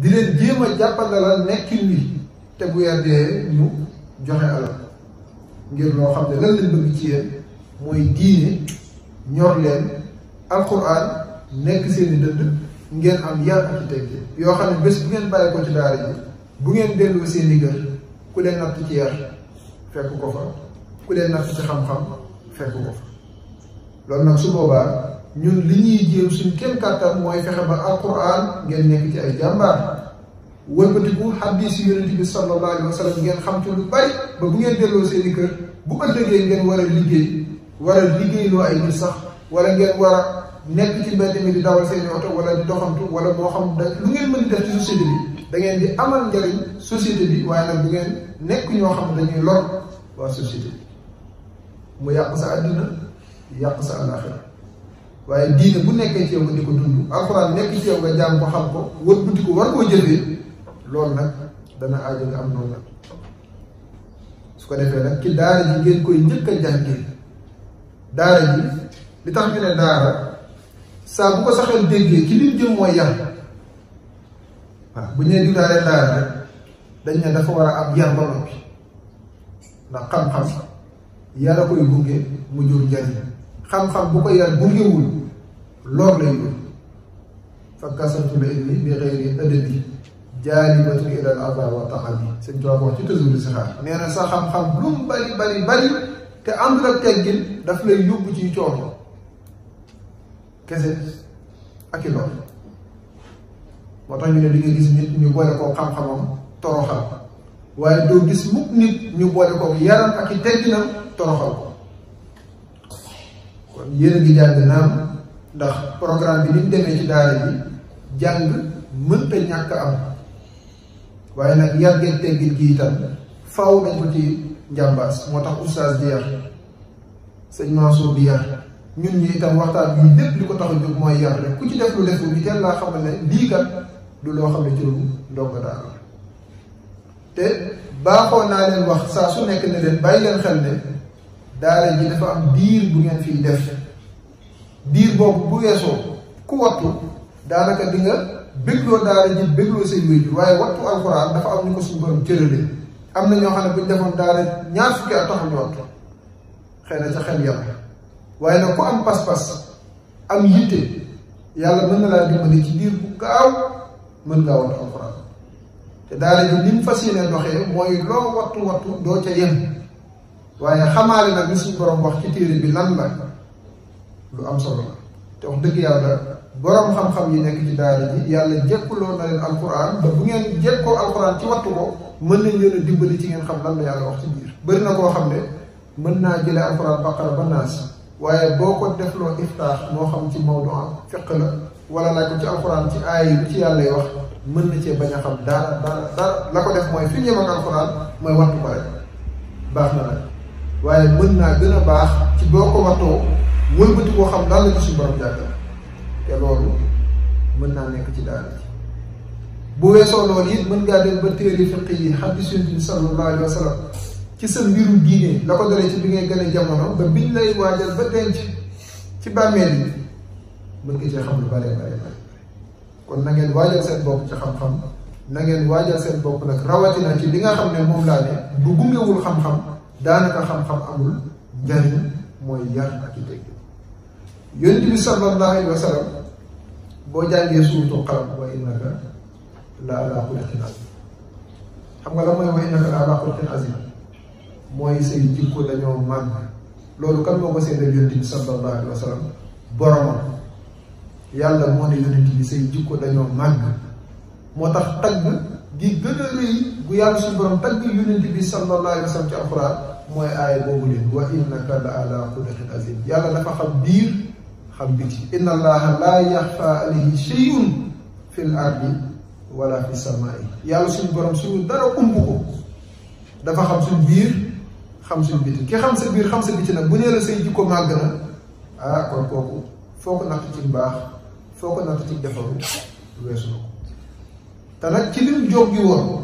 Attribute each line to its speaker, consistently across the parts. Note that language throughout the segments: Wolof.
Speaker 1: di leen jàppal a la nekkin wi te bu yàddee ñu joxe alal ngir loo xam ne lan lañ bëgg ci yéen mooy diine ñor leen alquran nekk seeni i ngeen am yar ak teg yoo xam ne bés bu ngeen bàyyi ko ci daara ji bu ngeen dellu seen i ku leen natt ci yar fekk ko fa ku leen natt ci xam-xam fekk ko fa loolu nag su boobaa. ñun li ñuy jéem suñ kenn kàttan mooy fexe ba alquran ngeen nekk ci ay jàmbaar wëlbatiku hadis yonente bi sallallahu alayhi wa sallam ngeen xam ci lu bari ba bu ngeen delloo seen i kër bu ëllëgee ngeen war a liggéey war a liggéeyloo ay nit sax wala ngeen war a nekk ci mbedd mi di dawal seen oto wala di doxantu wala moo xam da lu ngeen mën def ci société bi da ngeen di amal njariñ société bi waaye nag bu ngeen nekk ñoo xam dañuy lor waa société bi mu yàq sa àddina yàq sa alaxira waaye diine bu nekkee ci yow nga di ko dund alxuraan nekk ci yow nga jàng ko xam ko wër ko war koo jëfee loolu nag dana aajo nga am noonu su ko defee nag ci daara ji ngeen koy ko saxal déggee ci liñ bu ñu nee dafa war a am yar ba noppi ndax xam-xam yar a koy gunge mu jur njariñ xam-xam bu ko yar gungewul lor lay jur fa kasatul ilmi bi xeyri adabi jaalibatu ila al ada wa taabi sëñ Tuubaa wax ci tësul di saxaar nee na sa xam-xam lu mu bari bari bari te àndul ak teggin daf lay yóbbu ci coono kese ak i lor moo tax ñu ne di nga gis nit ñu boole koo xam-xamam toroxal waaye doo gis mukk nit ñu boole koo yaram ak i tegginam toroxal ko kon yéen a ngi jàng naam ndax programme bi ni mu demee ci daara bi jàng ta ñàkk am waaye nag yar ngeen teggil gi itam faaw nañ ko ci njàmbaas moo tax oustaz di yar sëñ Mansour di yar ñun ñi itam waxtaan bi lépp li ko tax a jóg mooy yar rek ku ci def lu def bi kenn laa xam ne lii kat du loo xam ne ci lu ndongo daara te baaxoo naa leen wax saa su nekk ne leen bàyyi leen xel ne daara ji dafa am diir bu ngeen fiy def diir boobu bu weesoo ku wattu daanaka di nga bégloo daara ji bégloo seen wéju waaye wattu alxuraan dafa am ñu ko suñu borom cëralee am na ñoo xam ne bu ñu defoon daara ñaar fukki at taxul ñu wattu xëy na ca xel nag ku am pas-pas am yitte yàlla mën na laa dimbali ci diir bu gaaw mën ngaa wattu alxuraan te daara ji ni mu fas yéene doxee mooy loo wattu wattu doo ca yem waaye xamaale nag li suñu borom wax ci téere bi lan la. lu am solo la te wax dëgg yàlla borom xam-xam yi nekk ci daara ji yàlla jekkuloo na leen alquran ba bu ngeen jekkoo alquran ci wattu ko mën nañ leen a dimbali ci ngeen xam lan la yàlla wax ci biir. bëri na koo xam ne mën naa jëlee alquran baqara ba naas waaye boo ko defloo iftaax moo xam ci mawdu am fiq la wala laaj ko ci alquran ci aay yi ci yàlla wax mën na cee bañ a xam dara dara la ko def mooy fi ñëw ak alquran mooy wattu ko rek baax na nag waaye mën naa gën baax ci boo wëlbati ko xam dal la ci borom jàkka te loolu mën naa nekk ci daara ji bu weesoo loolu it mën ngaa dem ba téere fiqi yi xadis yonent bi sallallahu alayhi wa sallam ci sa mbiru diine la ko dalee ci bi ngay gën a jamono ba biñ lay waajal ba denc ci bàmmeel yi mën nga cee xam lu bare bare bare kon na ngeen waajal seen bopp ci xam-xam na ngeen waajal seen bopp nag rawati na ci li nga xam ne moom laa ne bu gungewul xam-xam daanaka xam-xam amul njariñ mooy yar ak i dégg yonent bi sallallahu alayhi wa sallam boo jàngee suuratul qalam wa innaka la ala xuluqin azim xam nga la mooy wa innaka la ala xuluqin azim mooy say jikko dañoo màgg loolu kan moo ko seedal yonent bi sallallahu alayhi wa sallam boromam yàlla moo ne yonent bi say jikko dañoo màgg moo tax tagg gi gën a rëy bu yàlla suñu borom bi sallallahu wa sallam ci mooy aaya boobu leen wa innaka la ala xuluqin azim yàlla dafa xam biir حبك إن الله لا يخفى عليه شيء في الأرض ولا في السماء يا سن بروم سو دارا أمبوكو دا فا خم سن بير خم سن بيتي كي خم سن بير خم سن بيتي نا بو نيلا سي جيكو ماغنا آه كون كوكو فوكو نات تي باخ فوكو نات تي ديفارو ويسو تا نا تي لم جوغي وون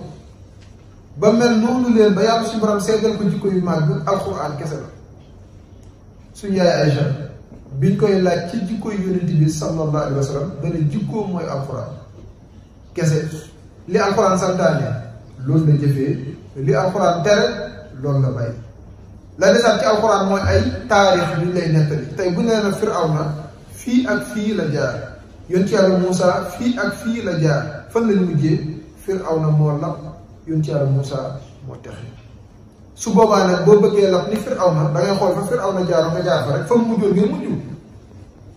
Speaker 1: ba mel noonu leen ba yàlla suñu borom seegal ko jikko yu màgg القران kese la يا عائشه biñ koy laaj ci jikko yonent bi sallallahu alayhi dana jikkoom mooy alxuraan kese li alxuraan santaane loolu la jëfee li alxuraan tere loolu la bàyyi la desaat ci alxuraan mooy ay taarix yuñ lay nettali tey bu nee na fii ak fii la jaar yonent yàlla Muusa fii ak fii la jaar fan lañ mujjee Firawna moo lab yonent yàlla Muusa moo texe su boobaa nag boo bëggee lap ni Firawna da ngay xool fa Firawna jaar fa rek fa mu mujjoon ngeen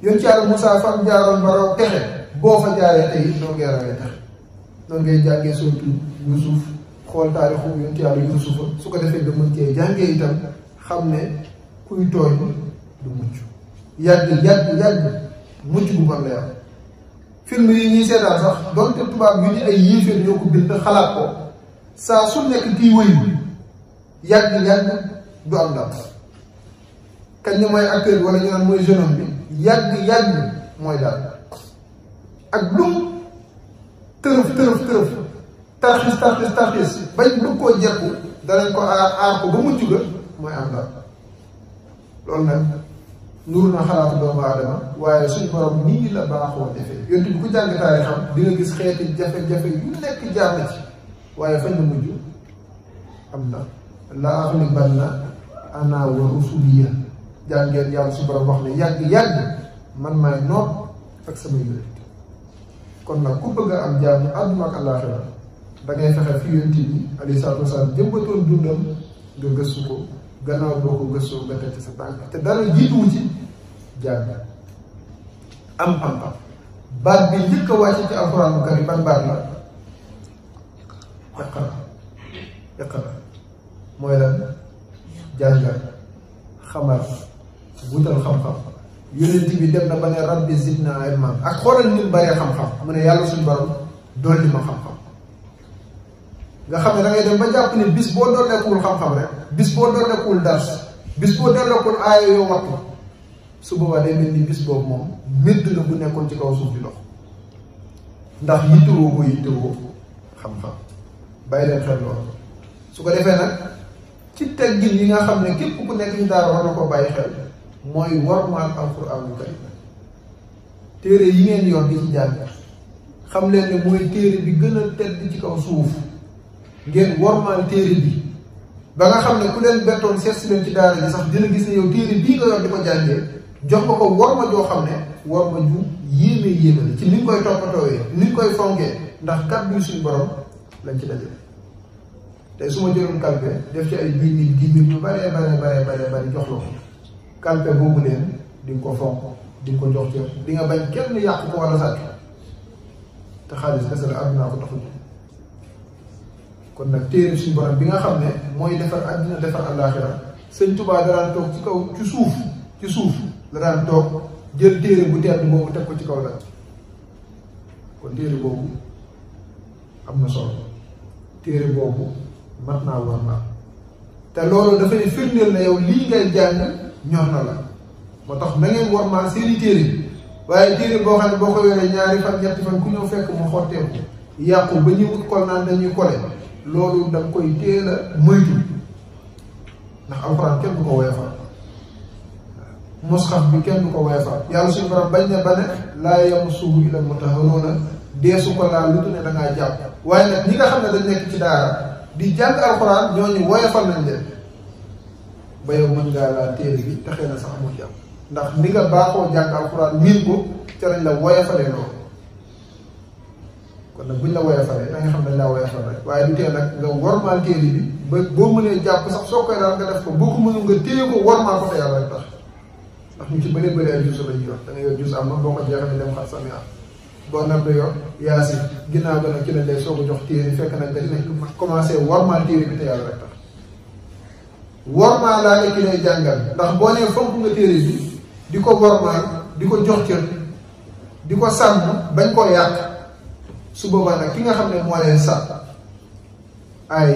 Speaker 1: mujjul yoon boo fa jaaree tey noo ngay rawee tax noo ngay jàngee su ko defee da mën cee jàngee itam xam ne kuy tooñ du mucc yàgg ñuy seetaan sax donte tubaab yu ni ay yéeféer ñoo bind xalaat ko saa su nekk kii yàgg-yàgg du am ndam kañ ne mooy acteur wala ñu naan mooy jeune bi yàgg-yàgg mooy daal ak lum tërëf tërëf tërëf tarxis tarxis tarxis bañ bëgg koo jekku danañ ko aar aar ko ba mujj ga mooy am ndam loolu nag nuru na xalaatu doomu aadama waaye suñu borom nii la baaxoo defee yontu bi ku jàng xam di gis xeeti jafe-jafe yu nekk jaar ci waaye fañ na mujj am ndam la aghlibanna ana wa rusuliya jaan ngeen yàlla su borom wax ni yag yag man may noot ak sama yonent kon nak ku bëgg am jamm aduna ak àllaaxira da ngay fexé fi ni ali bi alayhi wasallam wasalaam jëmbatoon dundam nga gëssu ko gannaaw boko gëssu nga teg ci sa tànk te dara jiituwu ci jamm am am am baat bi njëkk a ci alquran karim ban baat la yaqra yaqra moy lan jangal xamal wutal xam-xam yonent bi dem na ba ne rabbi zidna ilma ak xoolal ñun bari xam-xam mu ne yalla suñu borom di ma xam-xam nga xam ne da ngay dem ba japp ne bis bo boo dooleekuwul xam-xam rek bis bo boo dooleekuwul dars bis bo boo dooleekuwul ay yo wat su bo wadé mel ni bis bob mom médd na bu nekkon ci kaw suuf di dox ndax wo ko wo xam-xam bàyyi leen xel loolu su ko defé nak ci teggil yi nga xam ne képp ku nekk ci daara war na ko bàyyi xel mooy war maal alquranul kay téere yi ngeen yor di ci jàng xam leen ne mooy téere bi gën a tedd ci kaw suuf ngeen war maal téere bi ba nga xam ne ku leen bettoon sess leen ci daara ji sax dina gis ne yow téere bii nga yor di ko jàngee jox nga ko war ma joo xam ne war ma ju yéeme yéeme ci ni nga koy yi ni nga koy fonkee ndax kàddu suñu borom lañ ci dajale tey su ma jëloon kalpe def ci ay huit mille dix mille yu bare bare bare bare bare jox la ko kalpe boobu di ko fonk di ko jox cër di nga bañ kenn yàq ko wala sàcc te xaalis kese la àdduna ko taxul kon nag téere suñu borom bi nga xam ne defar àddina defar àllaaxira sëñ Tuubaa da daan toog ci kaw ci suuf ci suuf la daan toog jël téere bu tedd boobu teg ko ci kaw la kon téere boobu am solo téere boobu mat naa war naa te loolu dafay firndeel na yow lii ngay jàng ñor na la moo tax na ngeen war maa seeni téere waaye téere boo xam ne boo ko yoree ñaari fan ñetti fan ku ñëw fekk mu xotteeku yàqu ba ñu wut kol naan dañuy kole koy teel a moytu ndax alxuraan kenn du ko weefal musxaf bi kenn du ko weefal yàlla suñu borom bañ ne ba ne laa yamassuhu illal mutahharuun deesu ko laal lu ne da jàpp waaye nag nga xam ne dañ nekk ci daara di jàng alxuraan ñooñu woyofal nañ leen ba yow mën ngaa laa téere bi taxee na sax mu jàpp ndax ni nga baaxoo jàng alxuraan miin ko ca lañ la woyofalee loolu kon nag buñ la woyofalee da nga xam ne laa woyofal rek waaye du tee nag nga wormaal téere bi ba boo mun jàpp sax soo nga def ko boo ko mënul nga téye ko wormaal ko te yàlla rek tax ndax ñu ci bëree bëri ay jus a wax da nga yor am na boo ko jeexalee dem xar sami am boo nar du yor yaasin ginnaaw ga nag ci lañ lay soog a jox téere fekk nag dañ ne commencé warmaal téere bi te yàlla rek tax warmaal laa ne ki lay jàngal ndax boo nee fonk nga téere bi di ko warmaal di ko jox cër di ko sàmm bañ koo yàq su boobaa ki nga xam ne moo leen sàmm ay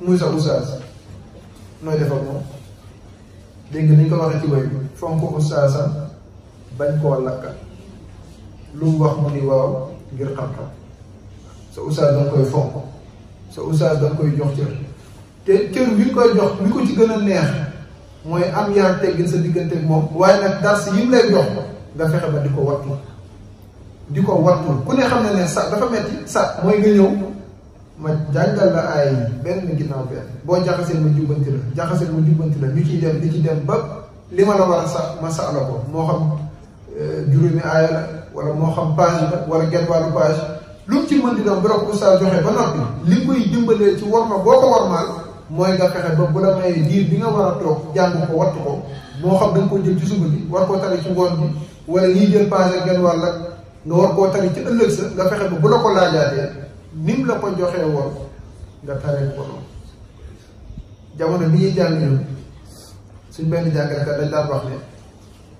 Speaker 1: muy sa oustaz nooy def moom dégg ni ñu ko waxee ci way bi fonk oustazam bañ koo lakkal lu mu wax mu ni waaw ngir xam-xam sa oustaz danga koy fonk sa oustaz danga koy jox cër te cër bi ñu koy jox li ko ci gën a neex mooy am yar teggin sa diggante ak moom waaye nag dars yi mu lay jox nga fexe ba di ko wattu di ko wattu ku ne xam ne ne sa dafa metti sa mooy nga ñëw ma jàngal la ay benn ginnaaw benn boo jaxasee ma jubbanti la jaxasee ma jubbanti la ñu ci dem di ci dem ba li ma la war a sa ma sa la ko moo xam euh, juróomi aaya wala moo xam page la wala genn wàllu lu mu ci mën di doon bu la ko oustaz joxe ba noppi li koy dimbalee ci war ma boo ko war mooy nga fexe ba bu la mayee diir bi nga war a toog jàng ko wattu ko moo xam da ko koo jël ci suba bi war koo tari ci ngoon bi wala lii jël page ak genn wàll nga war koo tari ci ëllëg sa nga fexe ba bu la ko laajaatee ni mu la ko joxee woon nga taree ko noonu jamono bi ñuy jàng ñun suñ benn jàngalekat dañ daan wax ne.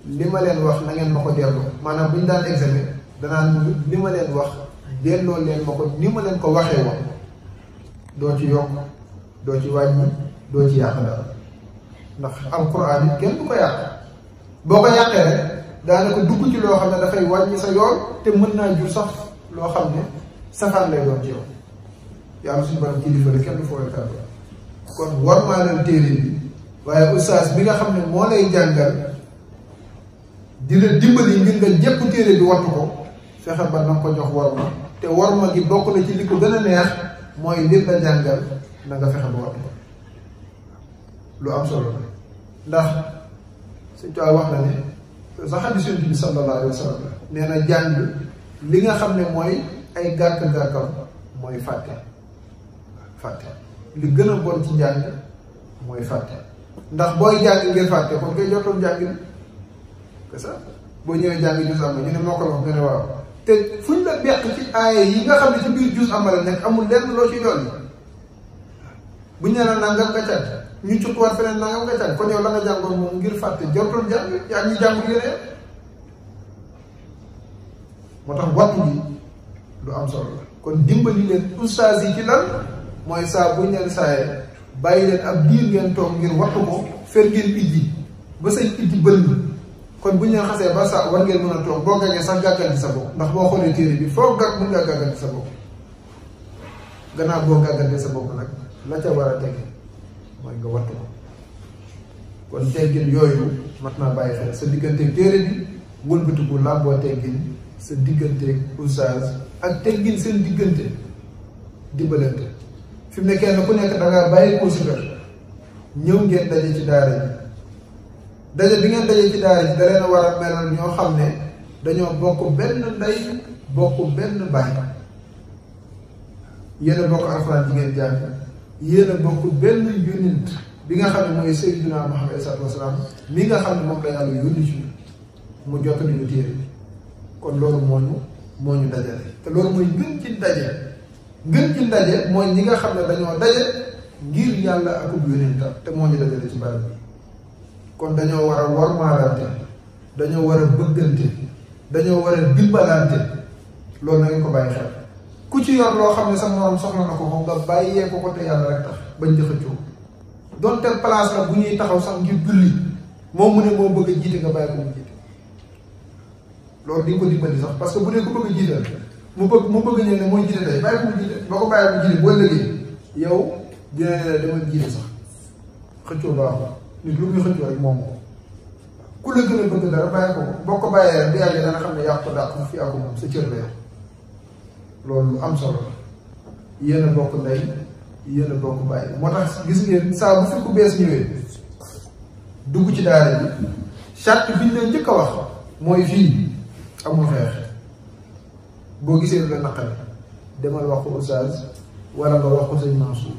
Speaker 1: li ma leen wax na ngeen ma ko delloo maanaam bu ñu daan examen danaa li ma leen wax delloo leen ma ko ni ma leen ko waxee woon doo ci yokk doo ci wàññi doo ci yàq dara ndax alquran yi kenn du ko yàq boo ko yàqee rek daanaka dugg ci loo sa loo xam ne safaan lay doon ci yow yàlla suñu borom kilifa la kenn kon war maa leen téere bi waaye ustaas bi nga xam ne moo lay jàngal. di dimbali ngir nga jëpp téré bi wattu ko fexé ba nang ko jox warma te warma gi bokku na ci li gëna neex moy lepp la jàngal na nga fexé ba wattu ko lu am solo ndax suñ taw wax na né sa hadith yonte bi sallallahu alayhi wa néna jang li nga xamné moy ay gàkk-gàkkam moy faté faté li gëna bon ci jang moy faté ndax boy jang ngir faté kon ngay jotoon jàng c'est ça bo ñëwé jàng jus am ñu ne moko wax nga ne waaw te fuñ la bekk ci ay yi nga xam ci biir jus amal nek amul lenn loo ci doon bu ñu la nangam nga cat ñu ci tuwaat feneen nangam nga cat kon yow la nga jàngoon moom ngir fàtte jotoon jàng yaa ñu jàng yéene moo tax wattu bi lu am solo la kon dimbali leen oustaz yi ci lan mooy saa buñ leen saaye bàyyi leen ab diir ngeen toog ngir wattu ko fer ngeen ijji ba sa ijji bël kon bu ñu xasee ba sa war ngeen mën a toog boo gañee sax gàgganti sa bopp ndax boo xoolee téere bi foo gàgg mën ngaa gàgganti sa bopp gannaaw boo gàggantee sa bopp nag la ca war a tege mooy nga wattu ko kon teggin yooyu mat naa bàyyi xel sa digganteeg téere bi wëlbatiku làmboo teggin sa digganteeg oustaz ak teggin seen diggante di fi mu ne kenn ku nekk dangaa bàyyi ko ñëw ngeen daje ci daara ji dajé bi ngeen dajé ci daara ji da leen a war a melal ñoo xam dañoo bokk benn nday bokk benn bay yéen bokk alxuraan ji ngeen jàng yéen bokk benn yonent bi nga xamné moy sayyiduna Muhammad sallallahu alayhi wasallam mi nga xamné ne moom la yàlla yónni ci mu jot ni ñu kon loolu moñu moñu dajé té loolu moy gën ci dajé gën ci dajé moy ñi nga xamné dañoo dajé ngir yalla ak yonentam te moo ñu dajale ci barab bi kon dañoo war a warmaalante dañoo war a bëggante dañoo war a dimbalante loolu na ngeen ko bàyyi xel ku ci yor loo xam ne sa morom soxla na ko ko nga bàyyee ko ko te yàlla rek tax bañ di doon tel place la bu ñuy taxaw sax ngir julli moom mu ne moo bëgg a jiite nga bàyyi ko mu jiite loolu di ko dimbali sax parce que bu dee ko bëgg a jiite mu bëgg mu bëgg ñëw ne mooy jiite tey bàyyi ko mu jiite boo ko bàyyi mu jiite boo lëgee yow dina ne la dama jiite sax xëccoo baaxul nit lu muy xëccoo rek moom ko ku la gën a dara bàyyi ko boo ko bàyyee bu yàggee dana xam ne yàqu dàq fi yàqu moom sa cër la loolu lu am solo la yéen a bokk ndey yéen a bokk bàyyi moo tax gis ngeen saa bu fi ku bees ñëwee dugg ci daara bi charte bi ñu leen njëkk a wax mooy fii amul xeex boo gisee lu la naqari demal wax ko oustaz wala nga wax ko sëñ Mansour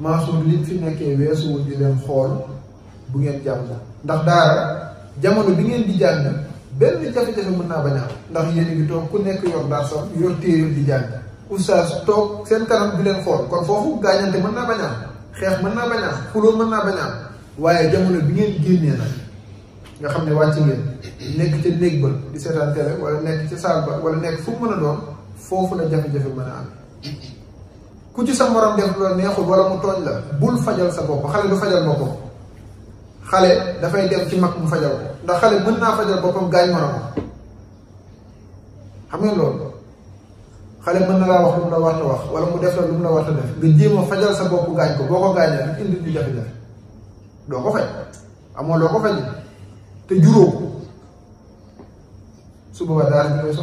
Speaker 1: Mansour liñ fi nekkee weesuwul di leen xool bu ngeen jàng ndax daara jamono bi ngeen di jàng benn jafe-jafe mën naa bañ a ndax yéen ngi toog ku nekk yor daa sax yor téere di jàng oustaz toog seen kanam di leen xool kon foofu gaañante mën naa bañ xeex mën naa bañ a am mën naa bañ am waaye jamono bi ngeen génnee nag nga xam ne wàcc leen nekk ca néeg ba di seetaan télé wala nekk ca saal ba wala nekk fu mu mën a doon foofu la jafe-jafe mën ku ci sa morom def lo neexul wala mu togn la bul fajal sa bop xale du fajal boppam xale dafay dem ci mak mu fajal ko ndax xale mën na fajal bopam gaañ morom xam nga lool xale mën na la wax lu la wax wax wala mu def la lu la wax def nga jéem fajal sa bop gaañ ko boko ko la indi di jafé jafe do ko faj amo lo ko faj te juro suba wa boobaa daal di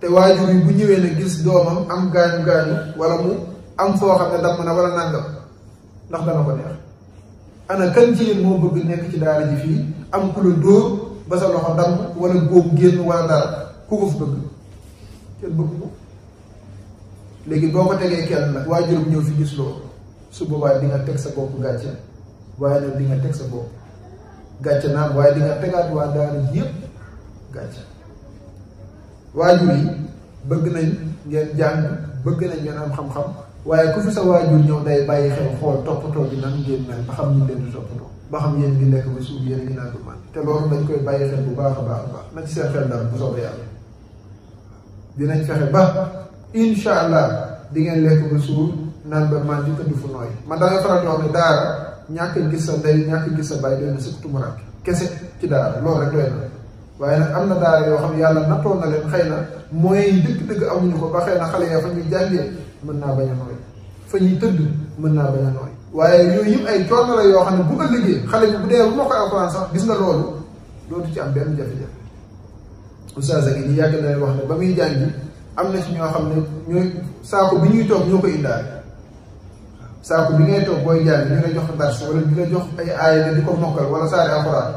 Speaker 1: te waajur bu ñewé ne gis doomam am gañu gañu wala mu am foo xam ne damm na wala nangam ndax dana ko neex ana kan jigéen moo bëgg nekk ci daara ji fii am ku la dóor ba sa loxo damm wala góob génn wala dara ku ko fi bëgg kenn bëgg ko léegi boo ko tegee kenn nag waa juróom ñëw fi gis loolu su boobaa di nga teg sa bopp gàcce waaye nag di nga teg sa bopp gàcce naan waaye di nga tegaat waa daara ji yëpp gàcce waajur yi bëgg nañ ngeen jàng bëgg nañ ngeen am xam-xam waye ku fi sa waajur ñew day bàyyi xel xool toppatoo bi nan ngeen mel ba xam ñu leen di toppatoo ba xam yeen di nek ba suuf yeen ngi naan du man te loolu dañ koy bàyyi xel bu baaxa a baax a na ci seen xel dal bu soobee yàlla dinañ fexé ba insha allah di ngeen lek ba suuf nan ba man di tëdd fu noy man da nga faral di ni daara ñàkk gis sa day ñàkk gis sa bàyyi doy na surtout mu kesse ci daara loolu rek doy na waaye am na daal yoo xam yàlla nattoon na leen xëy na dëgg-dëgg amuñu ko ba xëy na xale yaa fa ñuy jàngee mën naa bañ a nooy fa ñuy tëdd mën naa bañ waaye yooyu yëpp ay coono la yoo xam ne bu nga liggéey xale bi sax gis nga loolu dootu ci am benn jafe-jafe yàgg na wax ne ba muy jàngi am na ci ñoo xam ne saako bi ñuy toog ñoo ko bi ngay toog booy jàng ñu la jox dars wala ñu la jox ay aaya di ko mokkal wala saari alxuraan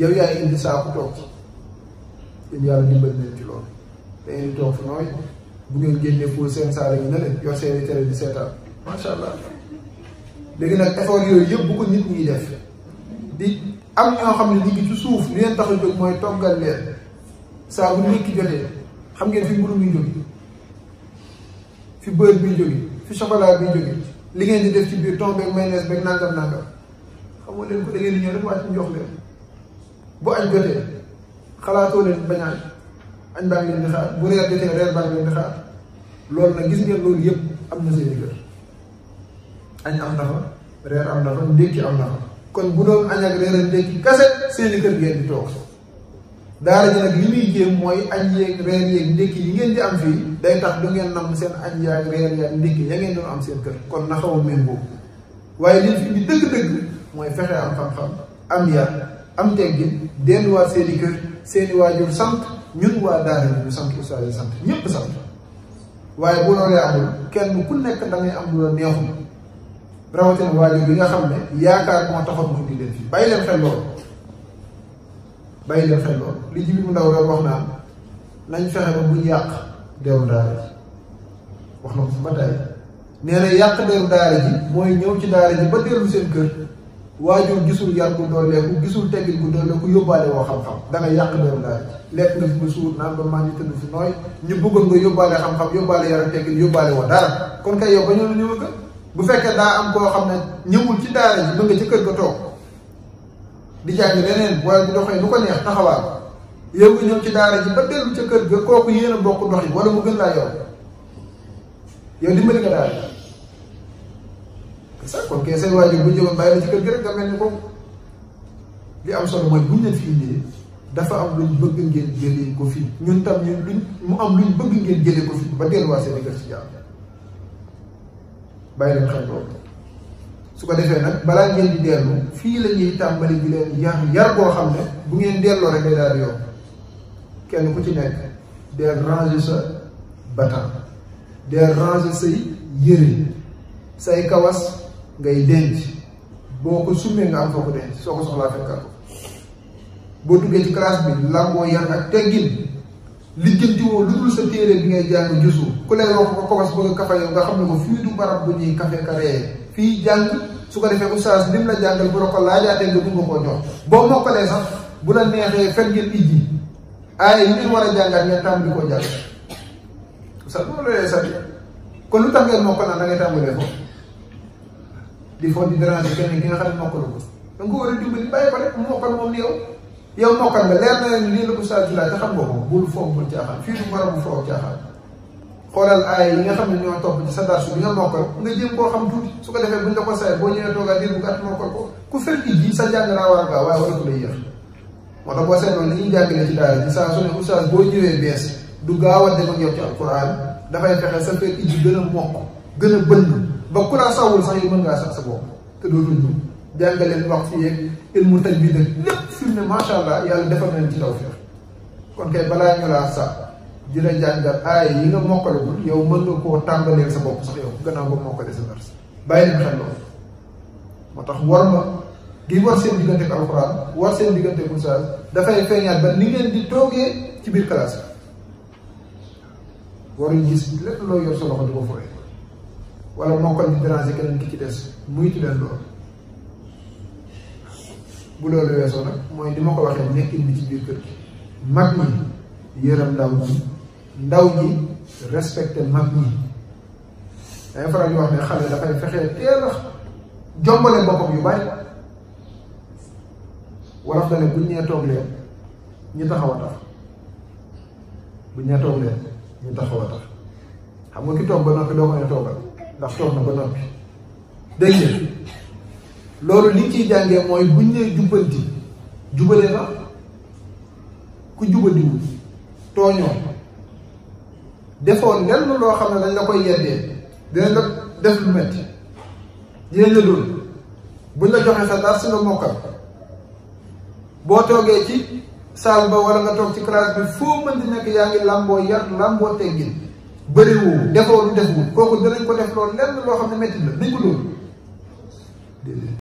Speaker 1: yow yaay indi saako toog te yàlla dimbal leen ci loolu te ngeen di toog fu nooy bu ngeen génnee pour seen saala gi na leen yor seen i télé di seetaan macha allah léegi nag effort yooyu yëpp bu ko nit ñi def di am ñoo xam ne ñu ngi ci suuf li leen tax a jóg mooy toggal leen saa bu nit ki jotee xam ngeen fi mburu mi jóge fi beurre bi jóge fi chocolat bi jóge li ngeen di def ci biir thon beeg mayonnaise beeg nangam nangam xamoo leen ko da ngeen di ñëw rek wàcc ñu jox leen bu añ jotee. xalaatoo leen bañaan añ baa ngi leen di xaar bu reer jotee reer baa ngi leen di xaar loolu nag gis ngeen loolu am na seen kër añ am na fa reer am na fa ndékki am na fa kon bu doon añ ak reer ak ndékki kase seen kër ngeen di toog daara ji nag li muy jéem mooy añ yeeg reer yeeg ndékki yi ngeen di am fii day tax du ngeen nam seen añ yaag reer yaag ndékki ya ngeen doon am seen kër kon na xaw a méngoo waaye li fi indi dëgg-dëgg mooy fexe am xam-xam am yar am teggin delluwaat seen i kër seen i waajur sant ñun waa daara ñu sant oustaz yi sant ñëpp sant waaye bu loolu amul kenn ku nekk da am lu la neexul rawatina waajur bi nga xam ne yaakaar moo taxoon mu di leen fi bàyyi xel loolu bàyyi xel loolu li jibi mu ndaw doon wax naan nañ fexe ba buñ yàq deewu daara ji wax na ko ba tey nee yàq deewu daara ji mooy ñëw ci daara ji ba dellu seen kër waajur gisul yar gu dooleeku gisul teggin gu dooleeku yóbbaale woo xam-xam da nga yàq doom daal lekk nga fi ba suur naan ba maa ngi tëdd fi nooy ñu bëggoon nga yóbbaale xam-xam yóbbaale yar ak teggin yóbbaale woo daal kon kay yow ba ñoo la ñëw nga bu fekkee daa am koo xam ne ñëwul ci daal ji ba nga ci kër ga toog di jàng leneen wala di doxee lu ko neex taxawaal yow nga ñëw ci daara ji ba dellu ca kër ga kooku yéen a bokk dox yi wala mu gën laa yow yow ça kon kay say waajur bu jógoon bàyyi la ci kër gi rek nga mel ni ko li am solo mooy buñ leen fi indee dafa am luñ bëgg ngeen jëlee ko fi ñun tam ñun luñ mu am luñ bëgg ngeen jëlee ko fi ba delluwaat seen kër ci jàmm bàyyi leen xel loolu su ko defee nag balaa ngeen di dellu fii la ñuy tàmbali di leen yar yar boo xam ne bu ngeen delloo rek day daal di yomb kenn ku ci nekk del ranger sa bataan del ranger say yëre say kawas ngay denc boko sumé nga am foko ko denc soo ko soxlaa fekkaat ko boo duggee ci classe bi làmboo yar ak teggin lijjanti woo lu dul sa téré bi ngay jang jussu ku lay wax ko kowas bëgg a kafa yow nga xam ko fi du barab bu ñuy kafe ka ree fi jang su ko defee oustaz dim la jangal bu la ko laajaatee nga bëgg ko jox bo moko lé sax bu la nexé fen ngeen ijji ay ñu wara jangal ñu tam ngeen tàmbali koo jàng oustaz bu ma kon lu tax ngeen moko na da ngay tambulé ko di fo di déranger kenn ki nga xam ne ko da nga ko war a dimbali bàyyi ko rek mu mokkal moom ni yow yow mokkal nga leer na leen lii la ko sa djula ta xam nga ko bul foog bul xam fi du mara bu ci xam xolal ay yi nga xam ne ñoo topp ci sa darsu bi nga mokkal nga jëm koo xam tuuti su ko defé buñ la ko say bo ñëw toga diir bu gatt mokkal ko ku fer ci ji sa jang na war a way wala ko lay mo moo tax boo non ni jang na ci daara ci sa su ne oustaz bo ñëwé bes du gawa dem ak yow ci da fay fexé sa fer ci gëna a mokk gëna a ba ya ku la sawul sax yi mën nga sax sa bopp te do dundu jàngal leen wax fi yeeg ilmu taj bi nag fi ne sha allah yalla defal nañ ci tawfiq kon kay bala ñu la sax di la jàngal yi nga mokkalagul yow mën nga ko tambale sa bopp sax yow bu moko def sa vers bàyyi leen xel loolu moo war ma di war seen diggante ak alquran war seen diggante ak da fay feeñaat ba ni ngeen di toogee ci bir classe waru gis lepp lo yor sa loxo di ko wala mokkal di déranger keneen ki ci des muytu leen lool bu loolu wesso nak moy dima ko waxee nek bi ci biir keur gi mag ni yeeram ndaw ni ndaw ni respecté mag ni ay faral di wax xalé da fay fexé téla jombalé bopam yu bari wolof dane buñ nee toog leen ñu taxaw a tax buñ nee toog leen ñu taxaw tax xam nga ki toog ba nak do ko a togal ndax toog na ba noppi dégg loolu li ñu ciy jàngee mooy buñ nee jubbanti jubale na ku jubadiwu tooñoo defoon ngel loo xam ne dañ la koy yeddee dinañ la def metti dinañ la dóor buñ la joxee sa dara si nga mokkal boo toogee ci saal ba wala nga toog ci classe bi foo mën di nekk yaa ngi làmboo yar làmboo teggin bëriwul defoo lu deful kooku danañ ko def loolu lenn loo xam ne métti la nañ ko dóor déedéet